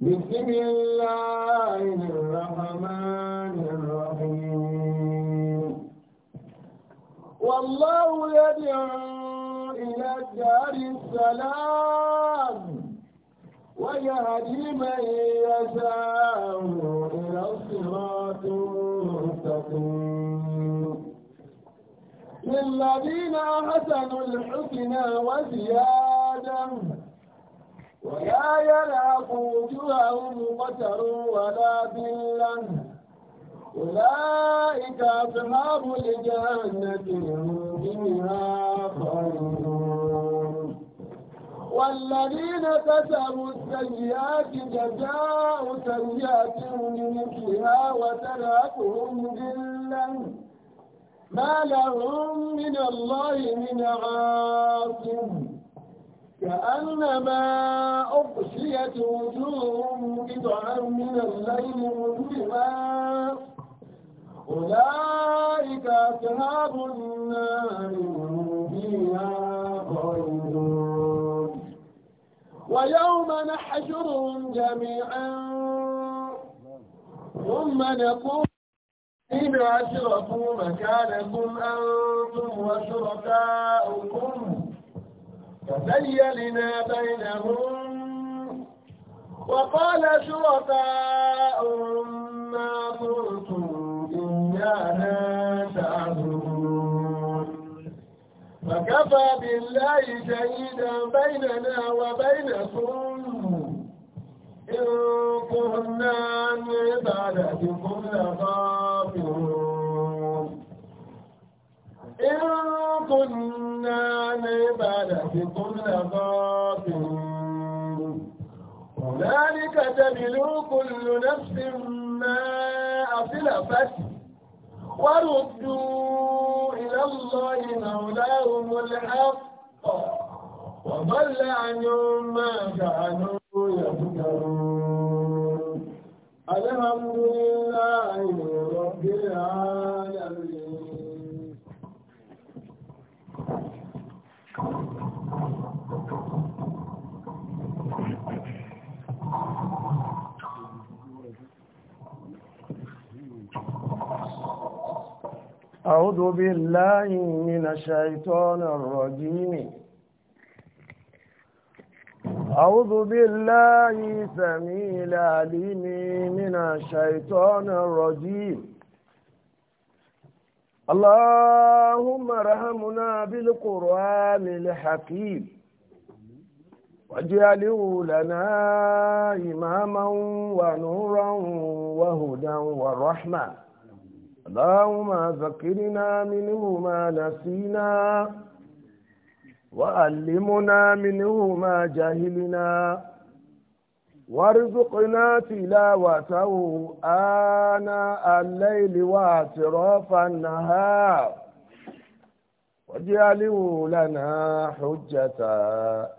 بسم الله الرحمن الرحيم والله يدعو إلى دار السلام ويهدي من يشاء إلى الصراط المستقيم للذين أحسنوا الحسنى وزيادة ولا يلعق وجوههم قتر ولا ذلة أولئك أصحاب الجنة هم فيها خالدون والذين كسبوا السيئات جزاء سيئات بمثلها وترهقهم ذلة ما لهم من الله من عاصم كأنما أغشيت وجوههم قطعا من الليل مظلما أولئك أصحاب النار فيها خالدون ويوم نحشرهم جميعا ثم نقول إن أشركوا مكانكم أنتم وشركاؤكم فزيلنا بينهم وقال شركاؤهم ما كنتم إيانا تعبدون فكفى بالله شهيدا بيننا وبينكم إن كنا عن عبادتكم لقاء وإن كنا كل لغافلون هنالك تبلو كل نفس ما أسلفت وردوا إلى الله مولاهم الحق وضل عنهم ما كانوا يفكرون الحمد لله رب العالمين أعوذ بالله من الشيطان الرجيم أعوذ بالله سميع العليم من الشيطان الرجيم اللهم رحمنا بالقرآن الحكيم واجعله لنا إماما ونورا وهدى ورحمة اللهم ذكرنا منه ما نسينا وعلمنا منه ما جهلنا وارزقنا تلاوته آناء الليل واعتراف النهار واجعله لنا حجة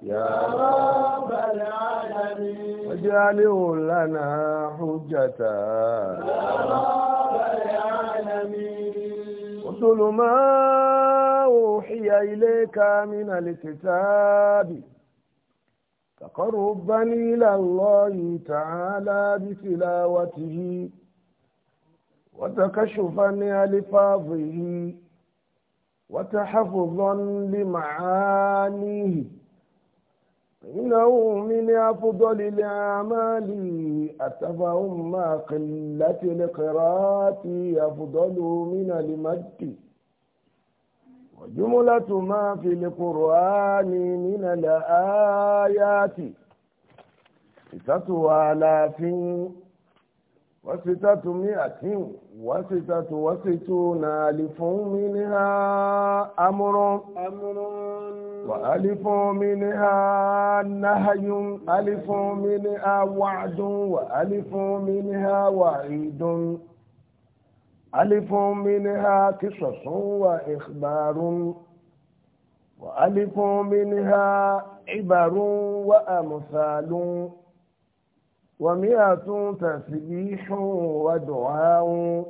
يا رب العالمين واجعله لنا حجة يا رب العالمين أصل ما أوحي إليك من الكتاب تقربا إلى الله تعالى بتلاوته وتكشفا لألفاظه وتحفظا لمعانيه إنه من أفضل الأعمال أتفهم ما قلة القراءة أفضل من المد وجملة ما في القرآن من الآيات ستة آلاف وستة مئة وستة وستون ألف منها أمر أمر وألف منها نهي ألف منها وعد وألف منها وعيد ألف منها قصص وإخبار وألف منها عبر وأمثال ومئة تسبيح ودعاء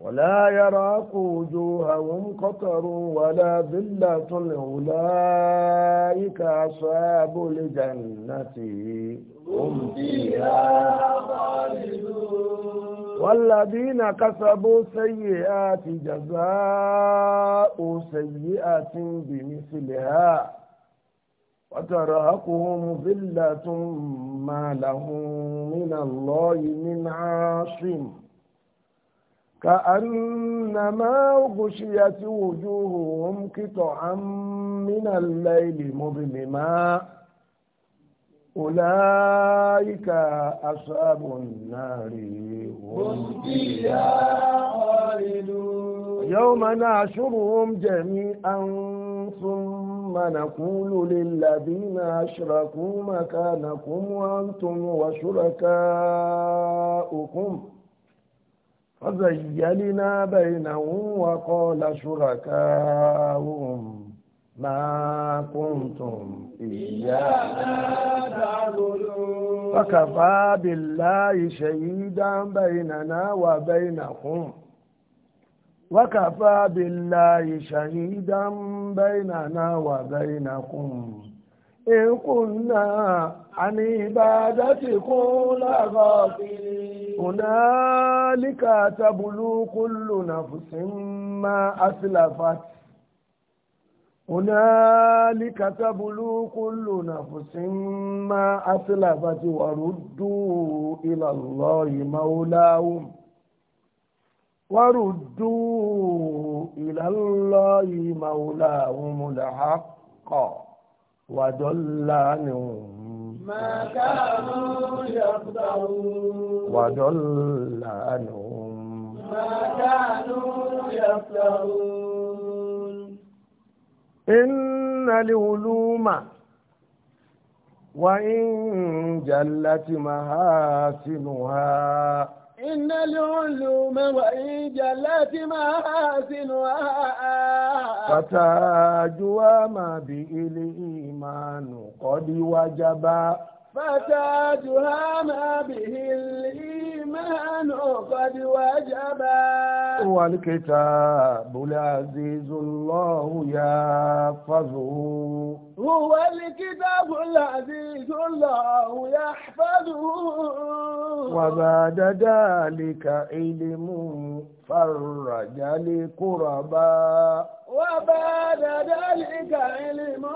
ولا يراك وجوههم قطر ولا ذلة أولئك أصحاب الجنة هم فيها خالدون والذين كسبوا سيئات جزاء سيئة بمثلها وترهقهم ذلة ما لهم من الله من عاصم كأنما غشيت وجوههم قطعا من الليل مظلما أولئك أصحاب النار هم فيها خالدون يوم نعشرهم جميعا ثم نقول للذين أشركوا مكانكم وأنتم وشركاؤكم فزيلنا بينهم وقال شركاؤهم ما كنتم إيانا تعبدون فكفى بالله شهيدا بيننا وبينكم وكفى بالله شهيدا بيننا وبينكم ìkùnà àní ìbàdá ti kún láàbọ̀ kùnà líka tabulú kúlù nàfùsí má àsìláfà kùnà líka tabulú kúlù nàfùsí má àsìláfà wàrúdú ìlàlọ́ ìmáwóláwò. وردوا إلى الله مولاهم الحق وضل عنهم ما كانوا يفطرون وضل عنهم ما كانوا يفطرون إن العلوم وإن جلت محاسنها إن العلوم وإن جلت محاسنها فتاجها ما به الإيمان قد وجبا فتاجها ما به الإيمان قد وجبا والكتاب العزيز الله يحفظه هو الكتاب الذي الله يحفظه وبعد ذلك علم فرج لكربا وبعد ذلك علم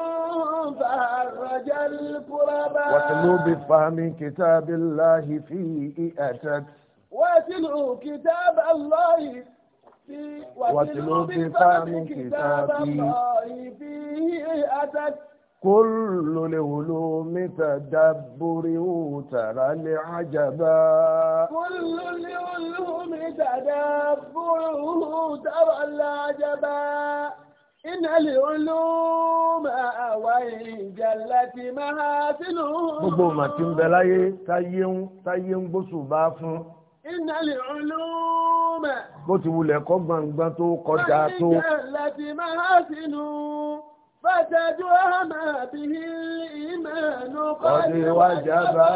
فرج الكربا واتلو بفهم كتاب الله فيه أتت واتلو كتاب الله فيه واتلو بفهم كتاب الله فيه أتت كل العلوم تدبر ترى العجبا كل العلوم تدبر ترى العجبا إن العلوم وإن جلت محاسنه gbogbo ọmọ tí ń bẹ láyé táyé ń táyé إن العلوم bó ti wulẹ̀ kọ́ gbangba tó جلت محاسنه فتدوم به الإيمان قد وجبا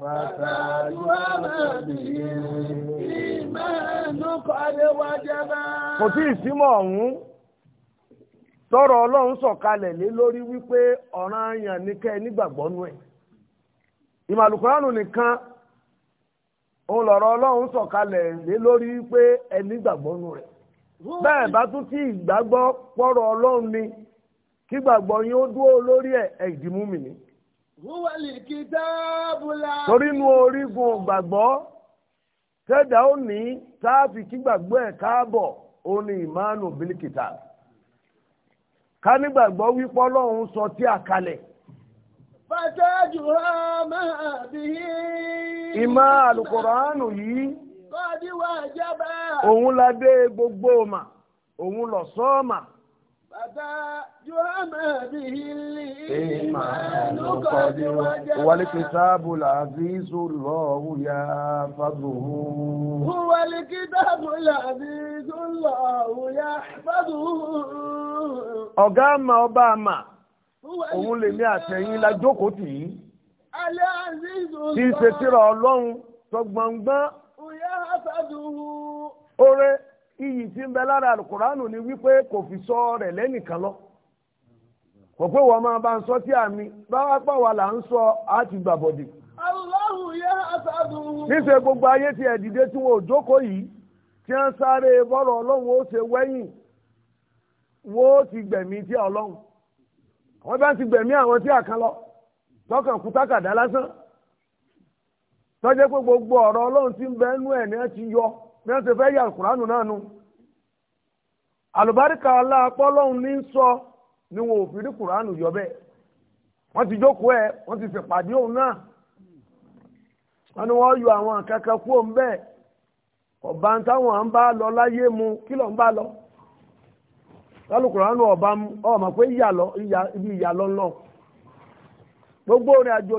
فتدوم به الإيمان قد وجبا kò tí ì símọ̀ ọ̀hún tọrọ Ọlọ́run sọ̀kalẹ̀ lé lórí wípé ọ̀ràn àyàn ní kẹ́ ẹ nígbàgbọ́ nú ẹ̀ ìmàlùkùránù nìkan òun lọ̀rọ̀ Ọlọ́run sọ̀kalẹ̀ lé lórí wípé ẹ nígbàgbọ́ nú rẹ̀ bẹ́ẹ̀ bá tún tí ìgbàgbọ́ pọ̀rọ̀ Ọlọ́run ni. kí gbàgbọ́ yín ó dúró lórí ẹ̀ ẹ̀ di mùmínì. wúwẹ́lì kìtàbù la. torí inú orígun gbàgbọ́ tẹ́dà ó ní táàfì kí gbàgbọ́ ẹ̀ káàbọ̀ ó ní ìmánu bílíkìtà. ká nígbàgbọ́ wípọ́ lọ́hún sọ tí a kalẹ̀. fàtẹ́jù ha máa bí. ìmọ̀ àlùkòránù yìí. kọ́ọ̀dí wà jábà. òun la dé gbogbo mà òun lọ sọ́ọ̀mà. So bàbá juama bihi li imanu kọdi wájà. wali kitabu laazizu lọ́hu ya fadluhu. wali kitabu laazizu lọ́hu ya fadluhu. ọ̀gá àmà ọba àmà òun lèmi àtẹ̀yìn la jókòó tì í. alẹ́ azizu lọ́hu. tí ń ṣe tírà ọlọ́run tó gbọ̀ngbọ́n. òyà fadluhu. oore. iyì tí ń bẹ lára alukóránù ni wípé kò fi sọ rẹ lẹ́nìkan lọ kò pé wọ́n máa bá ń sọ tí àmì báwa pà wà là ń sọ àti gbàbọ̀dì. Allahu yá àtàdùn. níṣẹ́ gbogbo ayé ti ẹ̀ dìde tí wọn ò jókòó yìí tí wọ́n sáré bọ́rọ̀ ọlọ́run ó ṣe wẹ́yìn wọ́n ó ti gbẹ̀mí tí ọlọ́run wọ́n bá ti gbẹ̀mí àwọn tí àkàn lọ tọkàn kú tákàdá lásán tọ́jẹ́ pé gbogbo ọ̀rọ̀ ọlọ́run ti ń bẹ́ẹ̀ nú ẹ̀ ní ẹ ti yọ. bí fẹ́ yà kùránù náà nu àlùbáríkà aláàpọ̀lọ́hún ní sọ ni wọn ò fi rí kùránù yọ bẹ́ẹ̀ wọ́n ti jókòó ẹ̀ wọ́n ti ṣèpàdé òun náà wọ́n ní wọ́n yọ àwọn akẹ́kẹ́ kú òun bẹ́ẹ̀ ọba táwọn à ń bá lọ láyé mu kí ló bá lọ lálùkùránù ọba pé ìyà lọ ibi ìyà lọ gbogbo àjò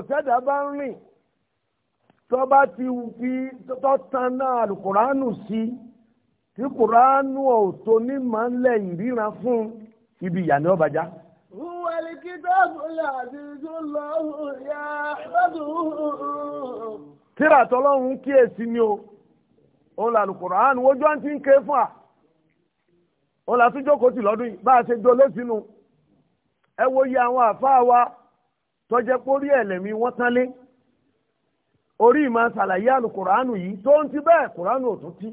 bá ń tọba ti fi tọ́tàn náà alukùránù sí tí kùránù ọ̀tọ̀ ní máa ń lẹ̀ ìríran fún ibi ìyà ọbàjá. wọ́n kí dábòlà àti ìjọlọ́hùn yá lọ́dún. tíra tọ́lọ́hún kíyèsí ni o ó la alukùránù ojú àǹtí ń ké fún à ó la tún jókòó sí lọ́dún yìí bá a ṣe jọ lóṣìnú ẹ wo iye àwọn àfáà wa tọ́jẹ́ pórí ẹ̀lẹ́mí wọ́n tán lé. orí ìmọ̀ ṣàlàyé àlù kùránù yìí tó ń ti bẹ́ẹ̀ kòránù ò tún tí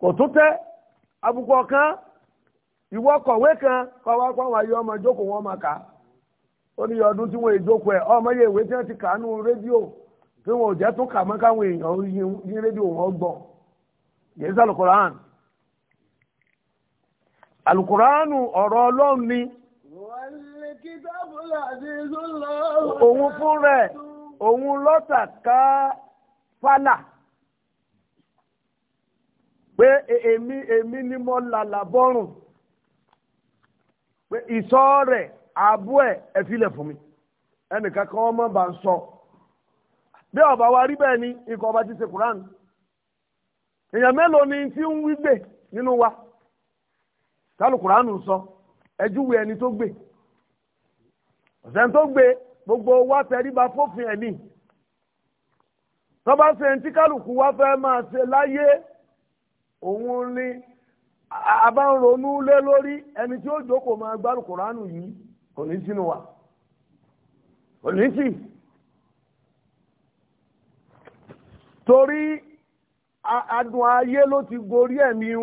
kò tún tẹ́ abùkù ọ̀kan ìwọ kọ̀wé kan yọ ọmọ wọn máa ká. ó ní ọdún tí wọ́n ìjókòó ẹ̀ ọmọ yẹ ìwé tí wọ́n ti kà nù rédíò tí ò jẹ́ kà mọ́ káwọn èèyàn yí rédíò wọn gbọ́ yẹn ni òun fún rẹ̀. òun lọ́tà ká fálà pé èmi èmi ni mo làlà bọ́rùn pé ìsọ rẹ̀ àbú ẹ̀ ẹ filẹ̀ fún mi ẹnìkan kan ọmọ bá ń sọ bí ọba wa rí bẹ́ẹ̀ ni ikọ̀ ọba ti ṣe Kùránì èèyàn mélòó ni tí ń wí gbè nínú wa tálùkùránù sọ ẹjú wẹ ẹni tó gbè ọ̀sẹ̀ tó gbè. gbogbo wa tẹríba fófin ẹ̀mí tọ́ba ṣe ń kálukú wa fẹ́ máa ṣe láyé òun ni àbá lé lórí ẹni tí ó jókòó máa gbárùkù ránù yìí kò ní sínú wa kò ní sí torí adùn ayé ló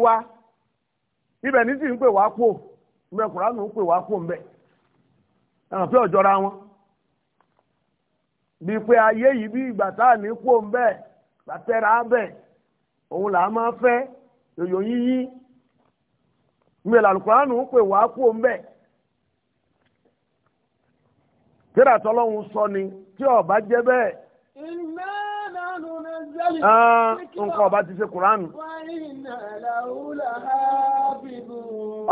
wa ibẹ̀ ní sì ń pè wá pò ibẹ̀ kùránù ń pè wá pò ń bẹ̀ ẹ̀ràn pé wọn. bíi pé ayé yìí bí ìgbà tá à ní kú òun bẹ́ẹ̀ gbàtẹ́ra bẹ́ẹ̀ òun là á máa fẹ́ yòyò yíyí ìwé làlùkùránù ń pè wá kú òun bẹ́ẹ̀ tíra tọ́lọ́hún sọ ni tí ọba jẹ́ bẹ́ẹ̀. Ah, nǹkan ọba ti ṣe kùránù.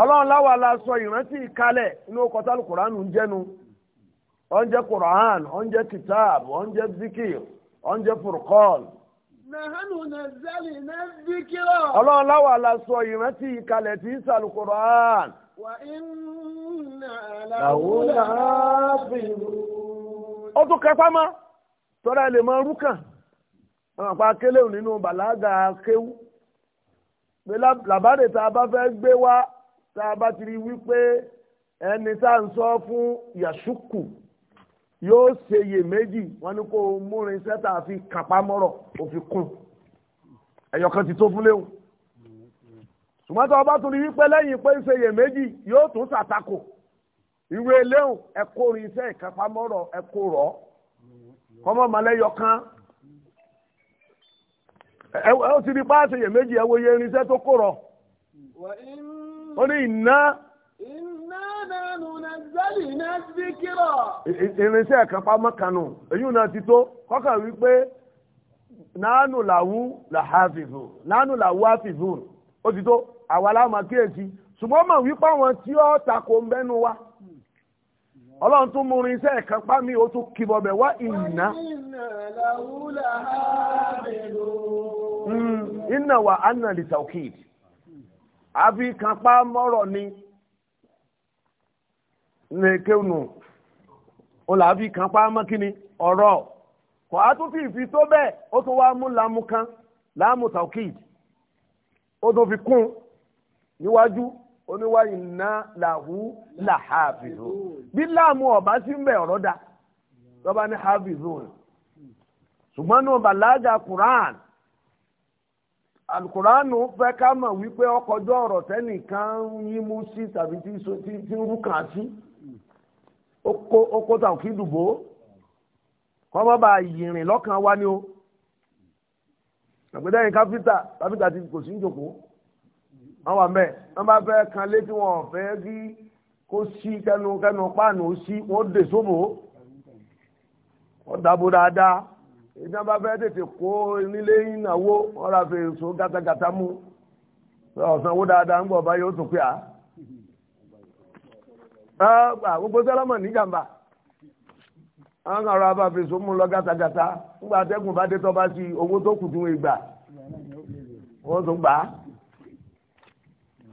ọlọ́run láwa la sọ ìrántí ìkalẹ̀ inú ọkọ̀ tálùkùránù ń jẹ́nu. onje quran onje kitab onje zikir onje furqan. ọlọ́run láwa la sọ ìrántí ìkàlẹ̀ tí ń sàlù wà ó tún kẹfà mọ́ tọ́lá ẹ lè rúkàn àpá nínú bàlágà làbáde a bá fẹ́ gbé wá tá bá ti rí wípé ẹni tá fún yóò ṣe iye méjì wọn ni kò múrin sẹ́tà fi kàpámọ́rọ̀ òfin kún ẹ̀yọ̀ kan ti tó fún léwu ṣùgbọ́n tó bá tún rí wípé lẹ́yìn pé ń ṣe iye méjì yóò tún ṣàtakò ìwé léwu ẹ̀kọ́ iṣẹ́ ìkàpámọ́rọ̀ ẹ̀kọ́ rọ̀ kọ́mọ kan ẹ ó ti di anzalna zikira. irinṣẹ́ kan pamọ́ kanú èyí náà ti tó kọ́kàn wípé nánú làwú làhàfìfù nánú làwú àfìfù ó ti tó àwa láwọn akéèsì ṣùgbọ́n mọ̀ wípé àwọn tí ó tako ń wa ọlọ́run tún mú irinṣẹ́ kan pa ó tún kìbọ̀ bẹ̀ wá ìnà. ìnà wà ánà lè tàwùkì àfi kan pa mọ́rọ̀ ni. nìkéwùnù ọ̀làbí ụlọ pa mọ́kínni ọ̀rọ̀ kò á tún ti ìfi tó otu wa tún wá kan láàmú taukid ó fi kụ n'iwaju oníwáyé ná làwú làhàbìrò bí láàmú ọ̀bá sí ń bẹ̀ ọ̀rọ̀ ní hàbìrò ṣùgbọ́n náà wípé ọkọjọ ọrọ tẹnìkan yín mú sí tàbí tí ń oko kó tàwọn kí dùbò kọ́ má bàa yìnrìn lọ́kàn wa ni o àgbẹ̀dẹ́ yìí káfíńtà káfíńtà ti kò sí ń jòkó wọ́n wà mẹ́ẹ̀ wọ́n bá fẹ́ kan létí wọn fẹ́ kí kó sí kẹnu kẹnu páànù sí wọ́n dè sóbò wọ́n dàbò dáadáa ìdí wọn bá fẹ́ tètè kó nílé ìnáwó wọ́n ra fèrè so mú ọ̀sán owó dáadáa ń bọ̀ báyìí ó tún pé à. Ah, ah, gbogbo sọlọmọ níjàmbá àwọn ọ̀rọ̀ abáfẹsọ mú lọ gàtàgàtà ńgbà atẹ́gùn bá dé tọba sí owó tó kù tún ìgbà tún gbà á.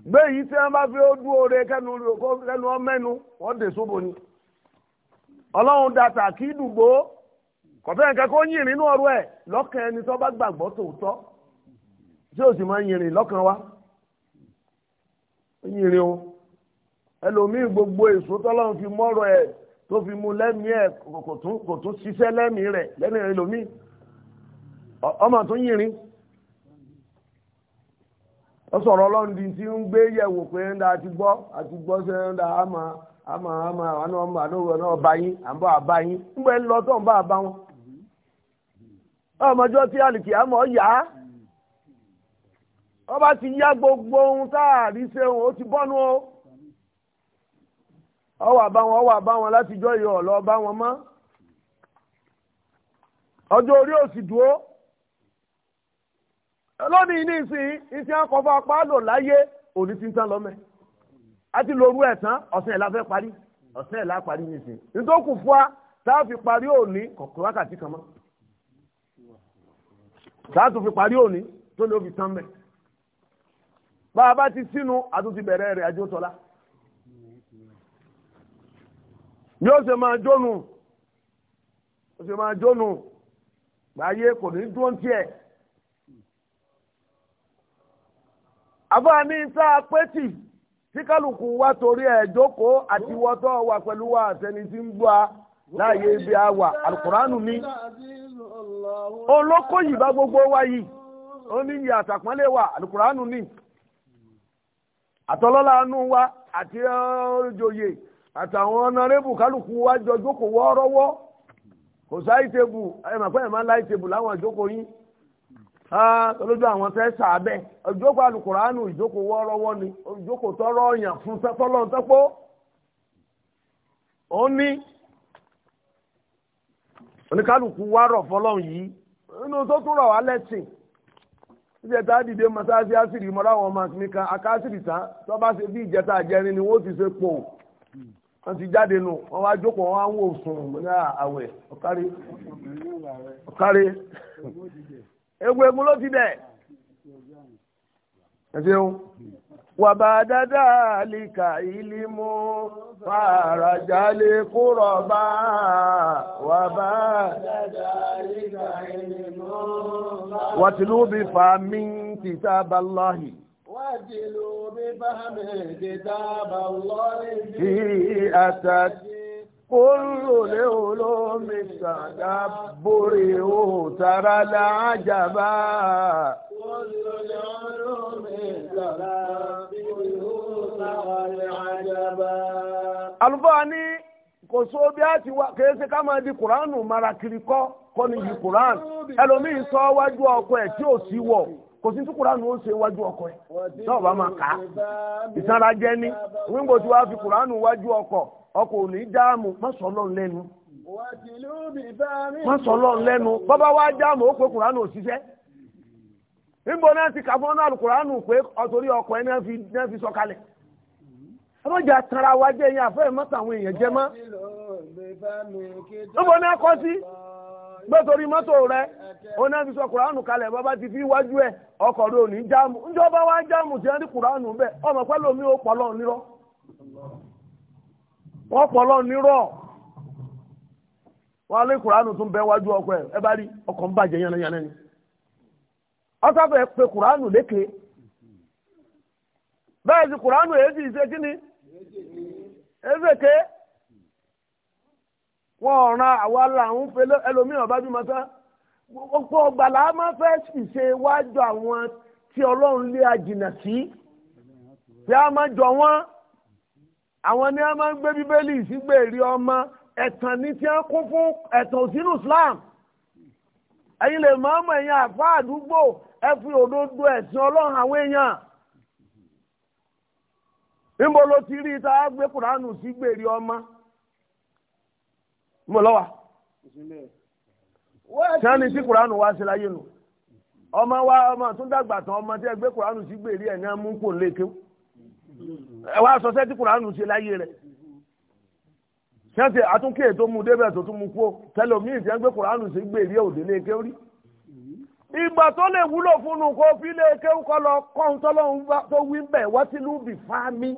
gbé yìí tí bá fi ó dúró re kẹnu kẹ́nu ọmẹ́nu wọ́n dè sóbò ni. dàtà kí dùgbò nǹkan kó ẹni tó bá tí ó sì máa yìnrìn o. ẹlòmíì gbogbo èso tọ́lọ́run fi mọ́rọ̀ ẹ̀ tó fi mu lẹ́mìí ẹ̀ kò tún ṣiṣẹ́ lẹ́mìí rẹ̀ lẹ́mìí ẹlòmíì ọmọ tó yìnrín ó sọ̀rọ̀ ọlọ́run di ti ń gbé yẹ̀wò pé ń da àti gbọ́ àti gbọ́ ń da àmà àmà àmà àwọn ọmọ àdóhùn náà bá yín àbọ̀ àbá yín ń ọba ti yá gbogbo ohun tá a rí ṣe ti bọ́nu o. ọwà bá wọn ọwà bá wọn látijọ́ ìyọ̀ ọ̀lọ́ bá wọn mọ́ ọjọ́ orí òsì dúró lónìí ní ìsìn ìsìn akọ̀fọ́ apá lò láyé òní ti ń tán lọ́mẹ́ àti lóru ẹ̀ tán ọ̀sẹ̀ ẹ̀ la fẹ́ parí ọ̀sẹ̀ ẹ̀ la parí ní ìsìn nítòkù fún wa tá a fi parí òní kọ̀ọ̀kan wákàtí kan mọ́ tá a tún fi parí òní tó lè ó fi tán mẹ́ bá a bá ti sínú a tún ti bẹ̀rẹ̀ rẹ̀ àjò bí o se máa jónu ó kò ní dúró ń tiẹ̀. àfààní tá pétì tí torí àti wà pẹ̀lú wa àtẹni tí ń a láàyè ibi a wà ni olóko yìí bá gbogbo wa yìí ó ní àtàpọ́nlé wa ni àtọ́lọ́lá àtàwọn ọ̀nàrẹ́bù kálukú wa jọ jókòó wọ́ọ́rọ́wọ́ kò sáì tèbù ẹ̀mọ̀ pé ẹ̀mọ̀ láì tèbù láwọn ìjókòó yín olójú àwọn fẹ́ sàábẹ̀ ìjókòó alukùránù ìjókòó wọ́ọ́rọ́wọ́ ni ìjókòó tọrọ ọ̀yàn fún tọ́lọ́ tọ́pọ́ ó ní oníkálukú wa rọ̀ fọlọ́run yìí nínú tó tún rọ̀ wá lẹ́sìn ìjẹta dìde mọ́sáàsì àṣírí mọ́ra àwọn ọmọ àti nìkan àkáṣírí tán tọ́ bá ṣe bí ìjẹta àjẹrin ni wọ́n ti ṣe pò wọ́n ti jáde nù wọ́n wá jókòó wọ́n wá ń wò sùn ní àwẹ̀ ọ̀kárí ọ̀kárí egbò egun ló ti dẹ̀ wàbà dáadáa lìkà ìlú mú fàràjà lè kúrò bá wàbà dáadáa lìkà ìlú mú wàtìlú bí fàmí kìtàbà lọ́hìí. واجلوا بفهم كتاب الله فيه أتت كل العلوم ní kò só bí a ti wá kìí ṣe ká máa di kuranu marakiri kọ́ kọ́ ni di kùránù ẹlòmíì sọ wájú ọkọ ẹ̀ tí ò sí wọ. kò sí tí kùránù ó se wájú ọkọ ẹ̀ sọ́ọ̀bá ma kà á ìsanra jẹ́ ní wíńgbò tí wàá fi kùránù wájú ọkọ̀ ọkọ̀ ò ní dáàmú má sọ ọlọ́run lẹ́nu má sọ ọlọ́run lẹ́nu bọ́bá wá dáàmú ó pé kùránù ò ṣiṣẹ́ níbo náà ti kà fún ọ́nà kùránù pé ọ̀tòrí ọkọ̀ ẹ̀ náà fi sọ̀kalẹ̀ ọmọjà tanra wájú ẹ̀yìn èèyàn jẹ níbo náà sí. gbé torí mọ́tò rẹ oná fi kùránù kalẹ̀ bàbá ti fi wájú ẹ̀ ọkọ̀ ní jáàmù ọba wá jáàmù tí wọ́n rí kùránù bẹ́ẹ̀ ọmọ pẹ́ lómi ó pọ̀ lọ́ọ̀ nírọ́ wọ́n pọ̀ lọ́ọ̀ nírọ́ wọ́n lé kùránù tún bẹ́ wájú ọkọ̀ ẹ̀ ẹ bá rí ọkọ̀ ń bàjẹ́ yánnayànna ni pe lékè bẹ́ẹ̀ sì wọn ọ̀ràn àwa là ń fẹ́ ẹlòmíràn bá bímọ tán gbogbo ọgbà là á máa fẹ́ ṣìṣe wájú àwọn tí ọlọ́run lé àjìnà sí tí a máa jọ wọ́n àwọn ni a máa ń gbé bíbélì sígbèrè ọmọ ẹ̀tàn ní tí a kún fún ẹ̀tàn òsínú Islam ẹ̀yin lè máa mọ̀ ẹ̀yin àfa àdúgbò ẹ fi òdodo ẹ̀sìn ọlọ́run àwọn èèyàn níbo ló ti rí ta gbé kùránù sígbèrè ọmọ mo lọ́wà sani tí kuranu wá sí láyé nù ọmọ wa ọmọ tó dàgbà tán ọmọ tí ẹgbẹ́ kuranu sí gbèrè ẹ̀ ní amúkò lẹ́kẹ́ ẹ wá sọ sẹ́tí kuranu sí láyé rẹ sẹ́tì àtúnkè tó mú débẹ̀ tó tún mú kó gbé kuranu sí gbèrè òde rí ìgbà tó lè wúlò fún un kó fi tó wí wọ́n ti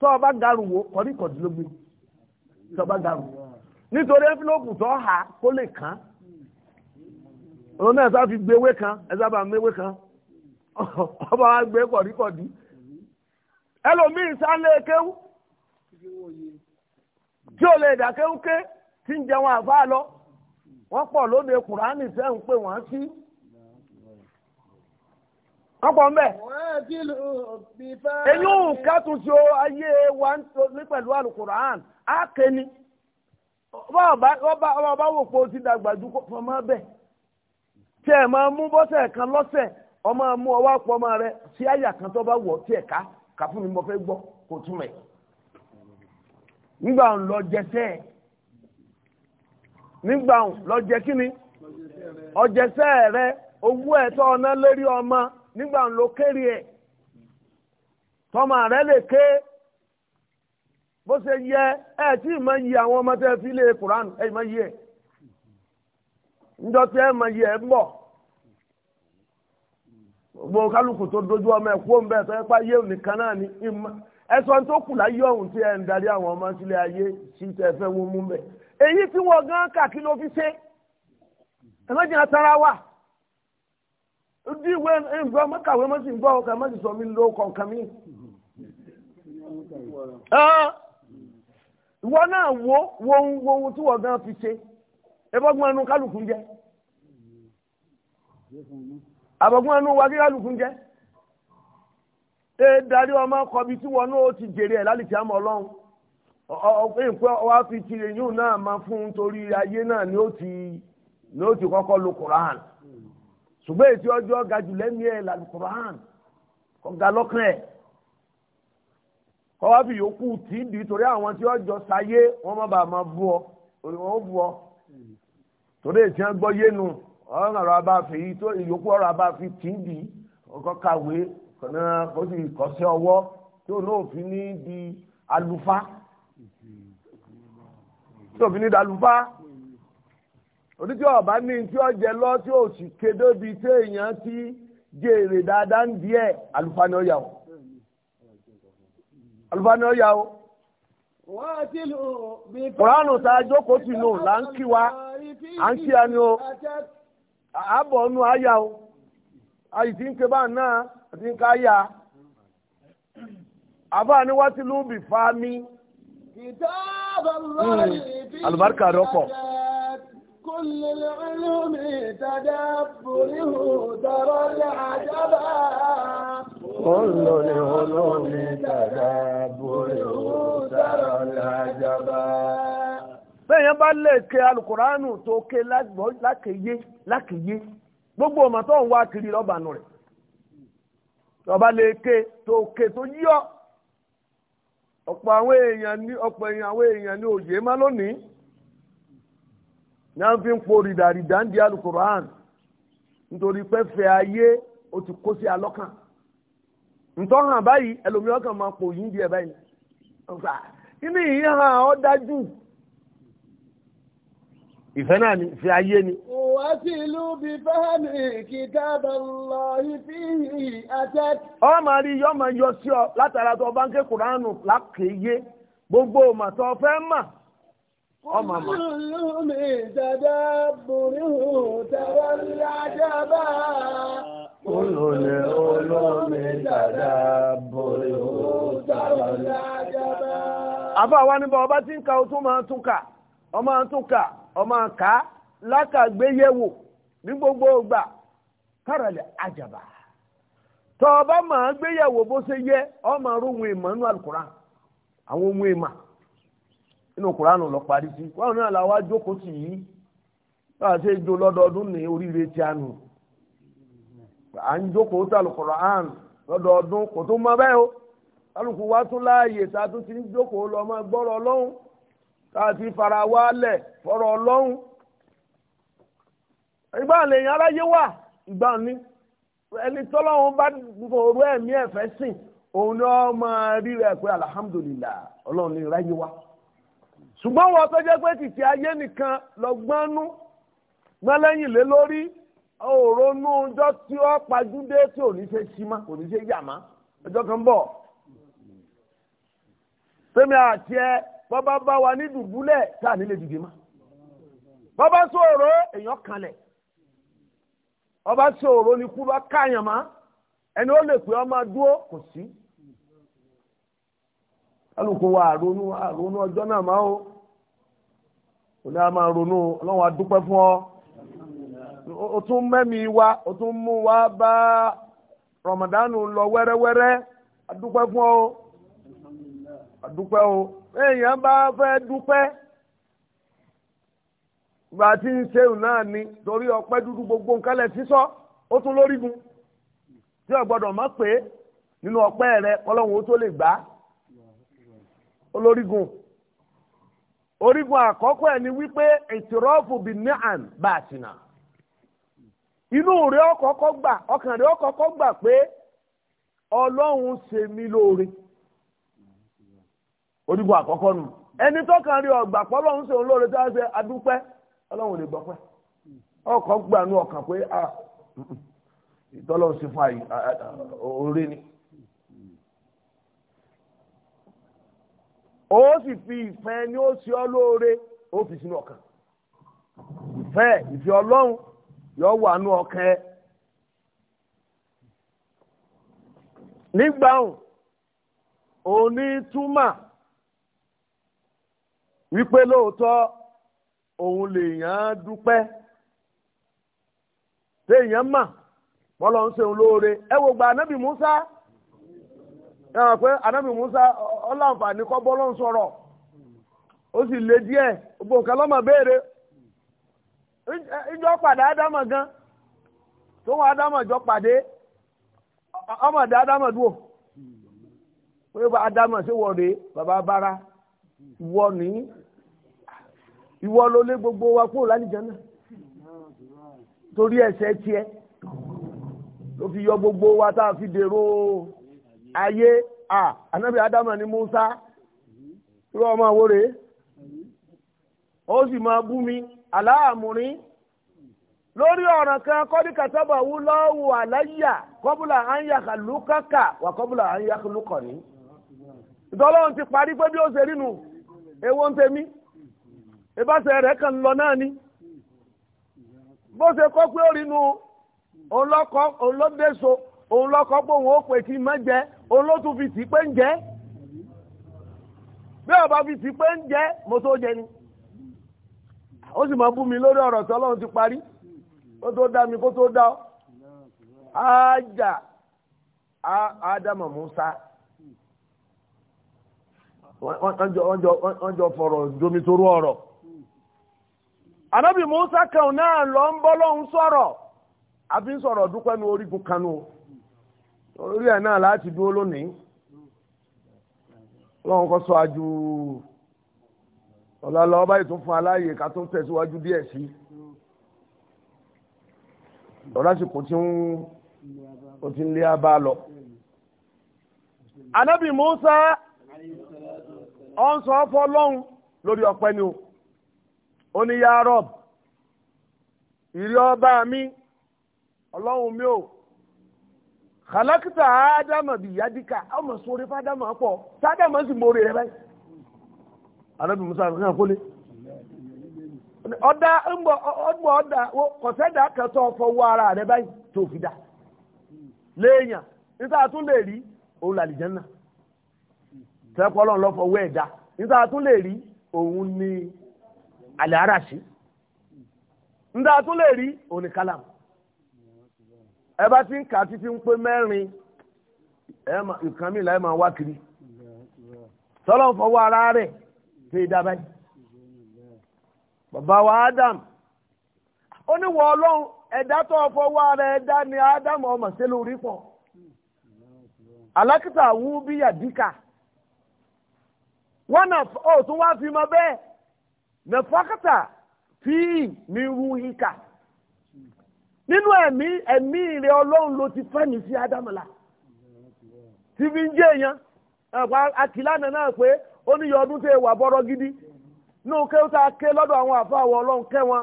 tó ọba garu wo kọrí ìkọ̀dínlógún tó ọba garu nítorí ẹ́fílọ́pù tó ha kó lè kàn òun náà sáfi gbé ewé kan ẹ̀sá bá mewé kan ọba wa gbé kọ̀rí kọ̀dí ẹlòmíì sálé kéwú tí ò lè dà kéwú ké tí ń jẹun àfáà lọ wọ́n pọ̀ lóde kùránì sẹ́hùn pé wọ́n sí. wọ́n pọ̀ mbẹ́. èyí ò ayé wa ní pẹ̀lú alukur'an á ké ni ọba wò pé o ti dàgbà ju fọmọ bẹ́ẹ̀ tí ẹ máa mú bọ́sẹ̀ kan lọ́sẹ̀ ọmọ mú ọwọ́ ọmọ rẹ tí àyà kan tó bá wọ̀ tí ká mi mo fẹ́ gbọ́ tún nígbà lọ jẹsẹ́ nígbà lọ jẹ kí rẹ owó ẹ̀ tọ́ ọ ná lórí nígbà ń lo kéré ẹ̀ tọmọ rẹ lè ké bó ṣe yẹ ẹ tí ì máa yí àwọn ọmọ tẹ fi lé Quran ẹ máa yí ẹ ńjọ tí ẹ máa yí ẹ ń bọ̀ gbogbo kálukú tó dojú ọmọ ẹ kó ń bẹ sọ pa yé nìkan náà ni ẹsọ tó kù láyé ọ̀hún tí ẹ ń darí àwọn ọmọ sílé ayé sí tẹ mú ndị igwe ngwa maka wee masị ngwa ọka masị mi lọ kọ nkà mi. wo wo wo tí gan fi ṣe ẹbọ́gbọ́n ẹnu kálukú jẹ́ wa kí kálukú darí ọmọ kọbi tí wọn náà ti jèrè ẹ̀ lálẹ́ tí a mọ̀ wa fi yóò náà máa fún un torí ayé náà ni ó ti ṣùgbọ́n èyí tí ọjọ́ ga jù lẹ́mìí ẹ̀ làlùkùrán ọ̀gá lọ́kàn ẹ̀ kọ́wá fi yòókù tí ń di torí àwọn tí ọjọ́ sáyé wọ́n má bàa máa bú ọ orí wọn ó bú ọ torí èyí tí wọ́n gbọ́ yénu ọ̀rọ̀ ọ̀rọ̀ abáfi tó ìyókù ọ̀rọ̀ abáfi tí ń di ọkọ̀ kàwé kọ̀nà kó sì kọ́ sí ọwọ́ tí òun náà fi ní di àlùfáà tí òfin ní di àlùfáà oníjọ́ ọ̀bá ní tí ó jẹ lọ tí ó sì kéde bí tí èèyàn ti jèrè dáadáa ń díẹ̀ àlùfáà ni ó yà ó àlùfáà Kùránù tá jókòó sí nù là ń kí wa à ń kí a ni o àbọ̀ nu àyà o àyè tí ń ké bá náà àti ń ká yà á àbá ni wá sí lùbí fáámi. Àlùbáríkà rẹ̀ pọ̀. كل العلوم تدبره ترى العجبا كل العلوم العجبا bá lè ke tó ké lákèyé lákèyé gbogbo ọmọ tó ń wá kiri lọ́bàánu rẹ̀ lè ke tó tó yíyọ́ ọ̀pọ̀ ọ̀pọ̀ èèyàn àwọn èèyàn ní òye má náà fi ń po rìdàrìdà ń di alukur'an nítorí pé fẹ́ ayé o ti kó sí alọ́kàn báyìí ẹlòmíràn kan máa pò yín díẹ̀ báyìí inú yìí hàn ọ́ dájú ìfẹ́ náà ni ìfẹ́ ayé ni. wà á sì lù bí fẹ́mi kìtàbà lọ ibi àtẹ. ọ máa rí yọ máa yọ sí ọ látara tó bá ń ké lákèéyé gbogbo fẹ́ mà. ọmọ ma. Olúmi dada bùrú tẹ̀wọ́lì ọba ka o tún máa tún ọ máa tún ka, ọ máa ka, ní gbogbo ọgbà àjàbá. ọba máa gbéyẹ̀wò bó ṣe yẹ, ọ máa ohun ìmọ̀ nínú àwọn ohun ìmọ̀. inú kuranu lọ parí sí wọn náà làwọn ajókòó tì yí wọn àti ìjọ lọ́dọọdún ní oríire tí a nù à ń jókòó sàlù kuran lọ́dọọdún kò tún mọ bẹ́ẹ̀ o kálukú wa tún láàyè tá a tún ti ń jókòó lọ ọmọ gbọ́rọ̀ ọlọ́run tá a ti fara wa lẹ̀ fọ́rọ̀ ọlọ́run ìgbà lèyìn aráyé wà ìgbà ni ẹni tọ́lọ́run bá fòrò ẹ̀mí ẹ̀fẹ́ sìn òun ni wọ́n máa rí rẹ̀ pé alihamudulilayi ọlọ́run ni aráyé wà. ṣùgbọ́n wọn tó jẹ́ pé títí ayé nìkan lọ́gbọ́nú gbẹ́lẹ́yìn lé lórí òrónú ọjọ́ tí ó pajúdé tí ò ní ṣe ṣí má kò ní ṣe yà má ọjọ́ kan bọ̀. àti ẹ bọ́bá bá wa ní dùbúlẹ̀ tá nílé dìde má. bọ́bá sòrò èèyàn kanlẹ̀ ọba sòrò ní kú bá káyàn má ẹni ó lè pé ọmọ dúró kò sí. wa àrònú àrònú ọjọ́ náà òní a máa ronú ọlọ́run adúpẹ́ fún ọ o tún mẹ́mi wa o tún mú wa bá rọmọdánù lọ wẹ́rẹ́wẹ́rẹ́ adúpẹ́ fún ọ adúpẹ́ o èèyàn bá fẹ́ dúpẹ́ ìgbà tí ń ṣeun náà ni torí ọpẹ́ dúdú gbogbo nǹkan lẹ̀ sísọ ó tún lórígun tí o gbọ́dọ̀ má pé nínú ọpẹ́ rẹ kọ́lọ́hún ó tó lè gbà á ó lórígun. orígun àkọ́kọ́ ẹ̀ ni wípé ìtìrọ́fù bí nìhàn bá a sì inú rẹ̀ ọkọ̀ọ̀kọ̀ gbà ọkàn rẹ̀ ọkọ̀ọ̀kọ̀ gbà pé ọlọ́run ṣe mí lóore orígun àkọ́kọ́ nù ẹni tọ́kàn rí ọgbà pọ̀ ọlọ́run ṣe òun lóore tó wá ṣe adúpẹ́ ọlọ́run lè gbọ́pẹ́ ọkàn gbà nú ọkàn pé ah, ìtọ́lọ́run ṣe fún àyè ni. ó sì fi ìfẹ́ ni ó sì ọ́ lóore ó fi sínú ọkàn ìfẹ́ ìfẹ́ ọlọ́run yọ wà anu ọkàn ẹ. nígbàhùn òní wípé lóòótọ́ òun lèèyàn dúpẹ́ téèyàn mà bọ́lá ń ṣeun lóore ẹ wò gbà nábì Musa. ẹ̀wọ̀n pé anábì musa ọlànfààní kọ́ bọ́lọ́n sọ̀rọ̀ ó sì lé díẹ̀ gbogbo nǹkan lọ́mọ béèrè ìjọ ádámọ̀ gan tó wọn ádámọ̀ jọ pàdé ọmọdé ádámọ̀ dúró pé ádámọ̀ ṣé wọ́n rèé bàbá bára wọ́n ní gbogbo wa kúrò lálejò náà torí ẹ̀ṣẹ̀ ló yọ gbogbo wa tá ayé a ànábì adama ni Musa irú ọmọ wo rèé ó sì máa bú mi aláàmúrin lórí ọ̀ràn kan kọ́díkàtàbà wú lọ́wọ́ àláyà kọ́bùlà wà kọ́bùlà àńyà kàlùkọ̀ ní. ìtọ́lọ́run ti parí pé bí ó ṣe rí ewo ń tẹ̀mí ìbáṣẹ rẹ̀ lọ náà ni. bó ṣe kọ́ ó òun so òun lọ́kọ́ pé òun ó pè mọ́ jẹ òun ló tún fi tì pé ń bí ọba fi tì pé ń jẹ mo tó jẹ ni ó sì máa bú mi lórí ọ̀rọ̀ tí ọlọ́run ti parí kó tó dá mi kó tó dá ọ ájà Musa wọ́n jọ fọ̀rọ̀ ọ̀rọ̀ Musa kan náà lọ ń bọ́ lọ́hún sọ̀rọ̀ àfi ń sọ̀rọ̀ dúpẹ́ kanu orí ẹ̀ náà láti dúró lónìí ọlọ́run kọ́ sọ àjù ọ̀làlọ́ ọba yìí tún fún aláàyè ká tó tẹ̀síwájú díẹ̀ sí lọ́lásìkò tí o ti ń lé abá lọ. anábì Musa ọ ń sọ fọlọ́hún lórí ọ̀pẹ ni o ó ní yá rọ́ọ̀bù ìrí ọba mi ọlọ́run mi ò. kàlákìtà ádámà bíi yadika ọmọ sórí fádámà pọ̀ sádámà sì mórí báyìí musa ọgbọ̀ kọ̀sẹ́dà kẹtọ́ fọwọ́ ara báyìí tó fi dá léèyàn níta tún lè rí òun ẹ̀dá níta tún lè rí òun àlẹ́ àràṣí ẹ bá ti ń kà títí ń pé mẹ́rin nǹkan mi láì máa wá kiri sọlọ ń fọwọ́ ara rẹ̀ tó yẹ dábàá yìí bàbá wa Adam ó ní wọ Ọlọ́run ẹ̀dá tó fọwọ́ ara ẹ̀dá ni Adam ọmọ sí lórí pọ̀ alákìtà wú bí yàdíkà wọn náà ó tún wá fi mọ bẹ́ẹ̀ nàfàkàtà fíì mi rú híkà. nínú ẹ̀mí ẹ̀mí rẹ ọlọ́run ló ti fẹ́ mi sí ádámọ̀lá tí fi ń jẹ́ èèyàn ẹ̀pá akílànà náà pé ó níyọ ọdún tẹ wà bọ́rọ̀ gidi ní òkè ó ta ké lọ́dọ̀ àwọn àfáwọ̀ ọlọ́run kẹ́ wọn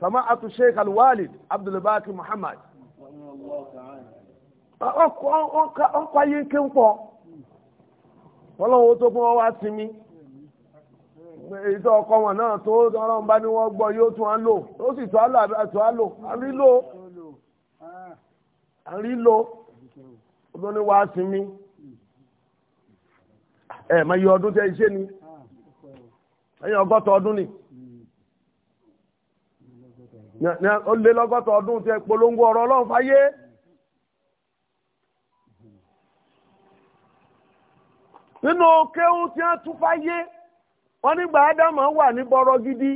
sama àtúnṣe kalwalid abdulbaki muhammad ọkọ̀ ayé ń ké ń pọ̀ ọlọ́run ó tó fún ọ wá sinmi. ìtọ́ ọkọ wọn náà tó ọlọ́run bá ní wọ́n gbọ́ yóò tún á lò ó sì tún á lò àtún á lò àrílò àrílò ọdún ní wàá sinmi ẹ mọ iye ọdún tẹ iṣẹ́ ni ẹ̀yìn ọgọ́ta ọdún ni ó lé lọ́gọ́ta ọdún tẹ polongo ọ̀rọ̀ ọlọ́run fáyé. nínú kéwù tí wọ́n tún fáyé. wọ́n nígbà ádámọ̀ wà ní bọ́rọ̀ gidi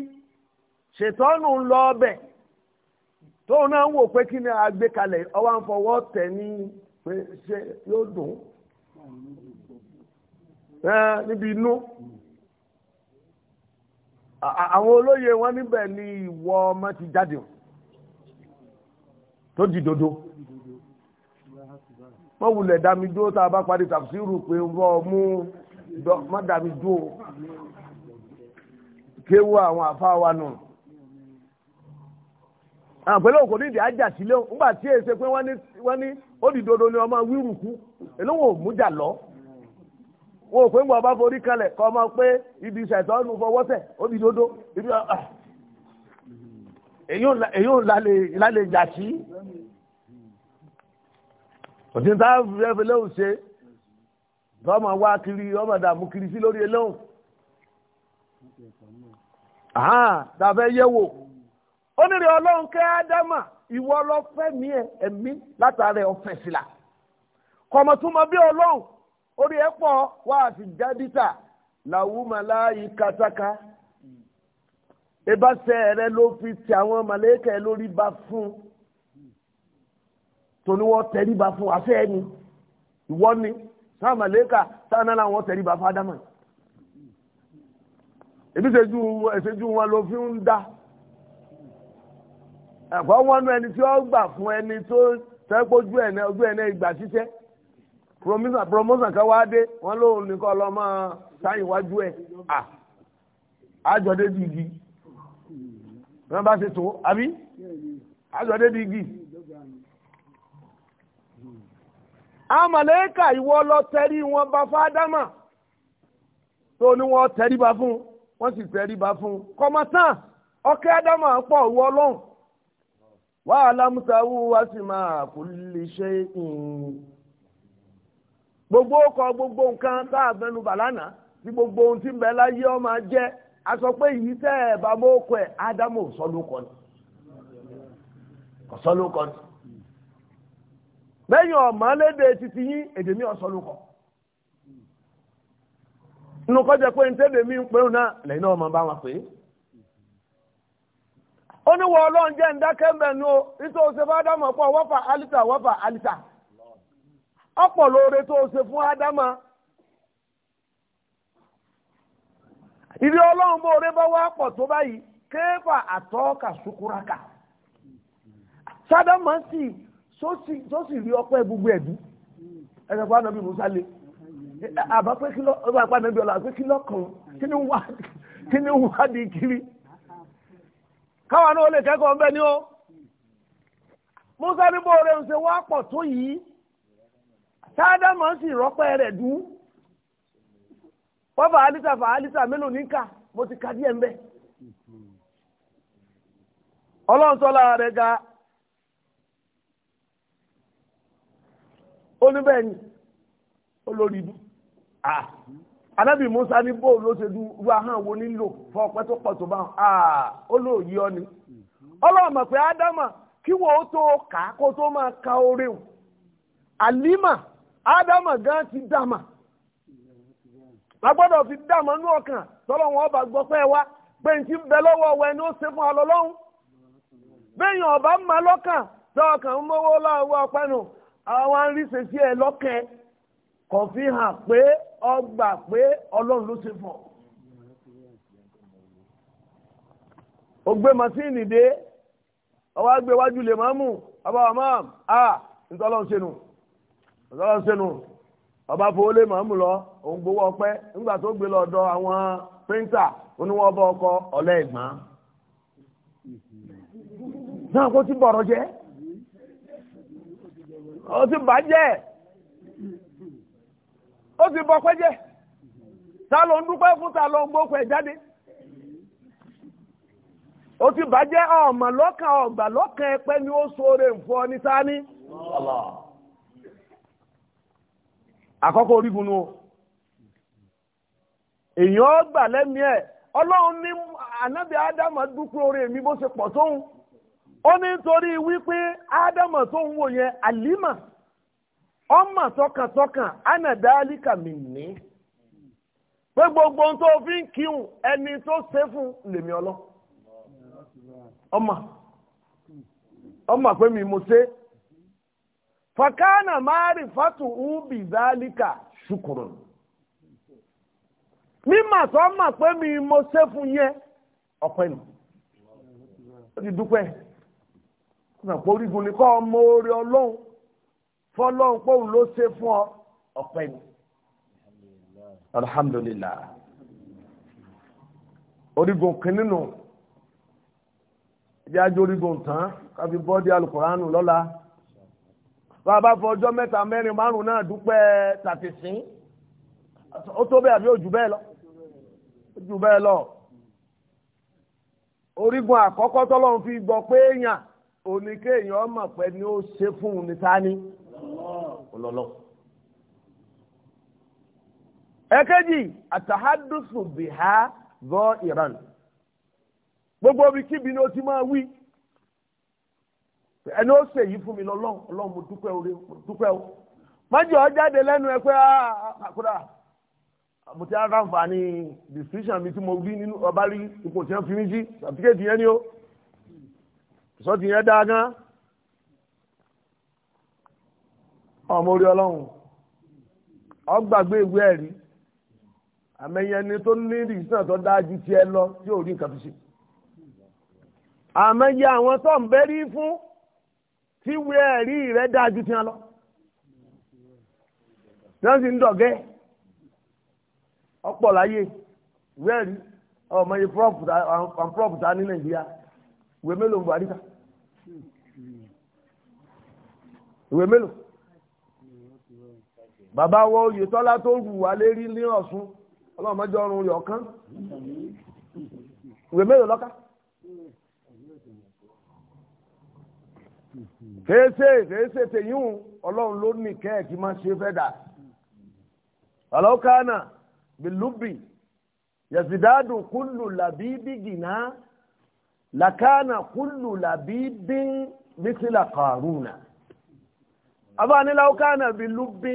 ṣètọ́nù ń lọ ọbẹ̀ tóun náà wò pé kí ni àgbékalẹ̀ ọwọ́ ń fọwọ́ tẹ̀ ní pé ṣe yóò dùn níbi inú àwọn olóyè wọn níbẹ̀ ni ìwọ ọmọ ti jáde tó di dodo wọ́n wulẹ̀ dami dúró tá a bá parí tàbí sí rù pé ń bọ́ mú má dami dúró. kéwú àwọn àfáà wa nù àpẹẹlẹ òkò nídìí ajá sílé o ńgbà tí èsè pé wọ́n ní ó di dodo ni ọmọ wíwù èló wọn mújà lọ wọn ò pé ńgbà ọba forí kalẹ̀ kọ́ ọmọ pé ibi ìṣẹ̀tọ́ ọdún fọwọ́sẹ̀ ó di dodo ibi ah. èyí ò lálẹ́ ìjà sí tá a fi lẹ́hùn ṣe wá kiri ọmọ kiri sí lórí dàbẹ́ yẹ̀wò ó ní rí ọlọ́run kẹ́ ádámà ìwọ ọlọ́fẹ́ mi ẹ̀ ẹ̀mí látàrí ọ̀fẹ́ sílà kọ̀mọ̀ tún mọ bí ọlọ́run orí ẹ̀ pọ̀ wá àti jádítà làwùmọ̀lá yìí kàtàkà ìbáṣẹ rẹ ló fi ti àwọn mọ̀lẹ́kẹ̀ lórí bá fún tòní wọ́n tẹríba fún afẹ́ ẹni ìwọ ni sáà mọ̀lẹ́kà sáà náà làwọn tẹríba fún ádámà yìí ebi ṣejú wọn ló fi ń dá ẹ̀kọ́ wọn nu ẹni tí ó gbà fún ẹni tó tẹ́gbójú ẹ̀nẹ́ ojú ẹ̀nẹ́ ìgbà ṣiṣẹ́ promotion kan wá dé wọn lóun nìkan lọ máa sáyìn wájú ẹ̀ àjọ̀dé di igi wọn bá ṣe tó àbí àjọ̀dé di igi. àmàlẹ́kà ìwọ lọ tẹrí wọn bá fádámà tó ní wọn tẹríba fún un. wọ́n sì fẹ́ ríba fún un kọ́mọ tán ọkẹ́ ádámà pọ̀ wọ ọlọ́run wà á lámúsáwú wá sí máa kú lè ṣe gbogbo ọkọ̀ gbogbo nǹkan tá a fẹ́nu bà lánàá tí gbogbo ohun tí ń bẹ láyé ọ máa jẹ́ a sọ pé yìí tẹ́ ẹ̀ bá mọ́ ọkọ̀ ẹ̀ ádámù ò sọ ló kọ́ ni kò sọ ló kọ́ ni titi yín èdè mi ò sọ nínú kọjá pé ní tẹ́lẹ̀ mi ń pẹ́rùn náà lẹ́yìn náà máa bá wọn pé. ó ní wọ́n ọlọ́run jẹ́ ǹdákẹ́ mẹ́nu o o alita alita ọ̀pọ̀ lóore tó ṣe fún ádámà. ìdí ọlọ́run bó bá wá pọ̀ tó báyìí kéfà àtọ́ka sukuraka sádámà sì sósì rí ọpẹ́ gbogbo fún musa àbá pé kí lọ ọba àpá nàbí ọlá pé kí kan kàn kí ni wá di kiri káwa náà lè kẹ́kọ̀ọ́ bẹ́ẹ̀ ni ó musa ní bó rẹ̀ ń ṣe wá pọ̀ tó yìí sáádámà sì rọ́pẹ́ rẹ̀ dùn wọ́n fà álítà fà álítà mélòó ní mo ti ka díẹ̀ ń bẹ́ẹ̀ ọlọ́run sọ́la rẹ̀ ga ó ní bẹ́ẹ̀ ni olórí anábì ah. musa ní bóòlù ló ṣe dú wo nílò fún ọpẹ́ tó tó bá ah, ó ọ ni ọlọ́run pé ádámà kí wọ́n ó tó kà á kó tó máa ka oore o ádámà gan ti dàmà agbọ́dọ̀ fi dàmà ọkàn wọn ọba gbọsọ pẹ́ wá pé n ti bẹ fún ọba lọ́kàn ọkàn kò fi hàn pé ọgbà pé ọlọ́run ló ṣe fọ̀. ó gbé masíìnì dé ọwọ́ àgbẹ̀ wájú lè máa mú ọba wa máa à ntọ́lọ́run ṣe nù ntọ́lọ́run ṣe nù ọba fowó lè máa mú lọ òun gbowó ọpẹ́ nígbà tó gbé lọ dọ̀ àwọn píńtà oníwọ́n bọ́ ọkọ ọ̀lẹ́ ìgbọ́n náà kó ti bọ̀rọ̀ jẹ́ ó ti bàjẹ́. ó ti bọ pẹ́jẹ́ ta ló ń dúpẹ́ fún ta ló ń ẹ̀ jáde ó ti bàjẹ́ ọmọ ni ó sóore nfọ ní sáni àkọ́kọ́ orígun nu èèyàn gbà lẹ́mí ẹ̀ ọlọ́run ní ànábì ádámà dúpẹ́ oore mi bó ṣe pọ̀ Ọ ọmọ tọkàntọkàn ánàdálíkà mi ní pé gbogbo ohun tó fi ń kíhun ẹni tó ṣe fún lèmi ọlọ ọmọ ọmọ pé mi mo ṣe fakana mari fatu ubi zalika ṣukurun mímọ̀ tó ma pé mi mo ṣe fún yẹn ọpẹ́ nù ó ti dúpẹ́ ó pé orígun ni kọ́ ọmọ orí ọlọ́run. fọlọ́n pọ́ùn ló ṣe fún ọ ọpẹ́ mi alhamdulillah orígun kìnnìún ibi ajé orígun tán káfí bọ́dí alukóránù lọ́la bàbá fọjọ́ mẹ́ta mẹ́rin márùn náà dúpẹ́ tàtìsín ó tó bẹ́ẹ̀ àbí ó jù bẹ́ẹ̀ lọ ó jù bẹ́ẹ̀ lọ orígun àkọ́kọ́ tọ́lọ́run fi gbọ́ pé èèyàn oníkéèyàn mọ̀ pé ni ó ṣe fún un níta ni. Tani ọlọ́lọ́. ẹ̀kẹ́jì àtàhádùsù bìhá gọ́ ìran gbogbo ibi kíbi ni ó ti máa wí ẹni ó ṣèyí fún mi lọ́lọ́ ọlọ́run mo dúpẹ́ orí mo dúpẹ́ o májì ọ jáde lẹ́nu ẹ pé àkúrà ah, ah, ah, mo ti ara nfààní description mi tí mo rí nínú ọba rí ipò tí wọ́n fi mí sí certificate yẹn ni ó sọ ti yẹn dáa gan-an. ọmọ orí ọlọ́run ọgbàgbé ìwé ẹ̀rí àmẹ́yẹ ni tó ní rìsíǹ tó dájú tí ẹ lọ tí ò rí nǹkan fi ṣe àmẹ́yẹ àwọn tó ń bẹ́rí fún tí ìwé ẹ̀rí rẹ̀ dájú tí ẹ lọ náà sì ń dọ̀gẹ́ ọ̀pọ̀ láyé ìwé ẹ̀rí ọmọ yìí prọ́fù ta ní nàìjíríà ìwé mélòó ń bọ̀ àdìsá ìwé mélòó bàbá wa Oyètọ́lá tó rù wá lérí ní Ọ̀ṣun ọlọ́mọjọ ọrùn rẹ̀ ọ̀kan ìwé mélòó lọ́ka kèése kèése tèyíhùn ọlọ́run ló ní kẹ́ẹ̀kì máa ṣe fẹ́ dà ọlọ́kàánà bìlúbì yẹ̀sìdádù kúlù làbí bìgìnà làkàánà kúlù làbí bín mísìlà kàrúnà abániláwọ́kàánà bìlúbì